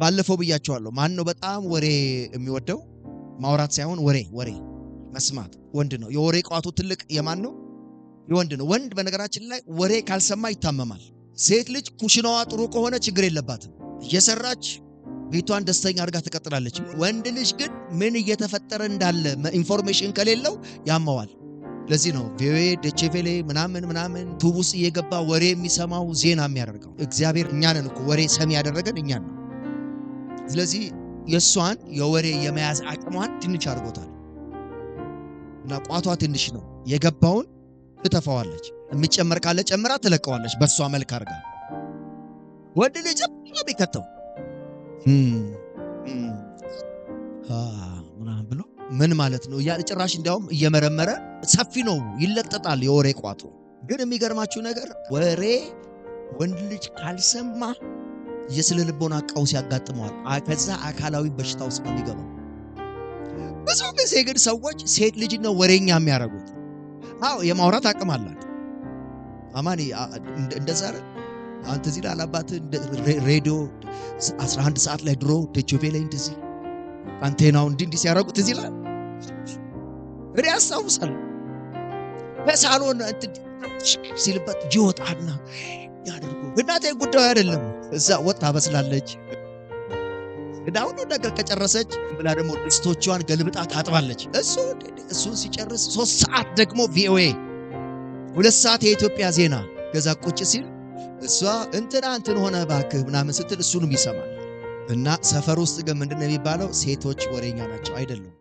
ባለፈው ብያቸዋለሁ። ማን ነው በጣም ወሬ የሚወደው? ማውራት ሳይሆን ወሬ ወሬ መስማት ወንድ ነው። የወሬ ቋቱ ትልቅ የማን ነው? የወንድ ነው። ወንድ በነገራችን ላይ ወሬ ካልሰማ ይታመማል። ሴት ልጅ ኩሽናዋ ጥሩ ከሆነ ችግር የለባትም። እየሰራች ቤቷን ደስተኛ አድርጋ ትቀጥላለች። ወንድ ልጅ ግን ምን እየተፈጠረ እንዳለ ኢንፎርሜሽን ከሌለው ያመዋል። ለዚህ ነው ቪኦኤ ደቼቬሌ ምናምን ምናምን ቱቡስ እየገባ ወሬ የሚሰማው ዜና የሚያደርገው እግዚአብሔር። እኛንን እኮ ወሬ ሰሚ ያደረገን እኛን ነው። ስለዚህ የእሷን የወሬ የመያዝ አቅሟን ትንሽ አድርጎታል እና ቋቷ ትንሽ ነው። የገባውን ትተፋዋለች። የሚጨመር ካለ ጨምራ ትለቀዋለች። በእሷ መልክ አድርጋ ወንድ ልጅ ጨምራ ቢከተው ምናምን ብሎ ምን ማለት ነው እያለ ጭራሽ እንዲያውም እየመረመረ ሰፊ ነው፣ ይለጠጣል የወሬ ቋቱ። ግን የሚገርማችሁ ነገር ወሬ ወንድ ልጅ ካልሰማ የስነ ልቦና ቀውስ ያጋጥመዋል። ከዛ አካላዊ በሽታ ውስጥ ነው የሚገባው። ብዙ ጊዜ ግን ሰዎች ሴት ልጅ ነው ወሬኛ የሚያደረጉት አዎ የማውራት አቅም አላት። አማኒ እንደዛ አይደል? አንተ ዚህ ላላባት ሬዲዮ 11 ሰዓት ላይ ድሮ ቴቾቤ ላይ እንደዚህ አንቴናው እንዲ እንዲ ሲያደርጉት እዚህ ላል እኔ ያስታውሳል በሳሎን ሲልበት ይወጣና ያደርጉ። እናቴ ጉዳዩ አይደለም። እዛ ወጥ ታበስላለች እና ሁሉ ነገር ከጨረሰች ብላ ደግሞ ድስቶቿን ገልብጣ ታጥባለች። እሱ እሱን ሲጨርስ ሶስት ሰዓት ደግሞ ቪኦኤ ሁለት ሰዓት የኢትዮጵያ ዜና ገዛ ቁጭ ሲል እሷ እንትና እንትን ሆነ እባክህ ምናምን ስትል እሱንም ይሰማል። እና ሰፈር ውስጥ ግን ምንድነው የሚባለው? ሴቶች ወሬኛ ናቸው አይደሉም።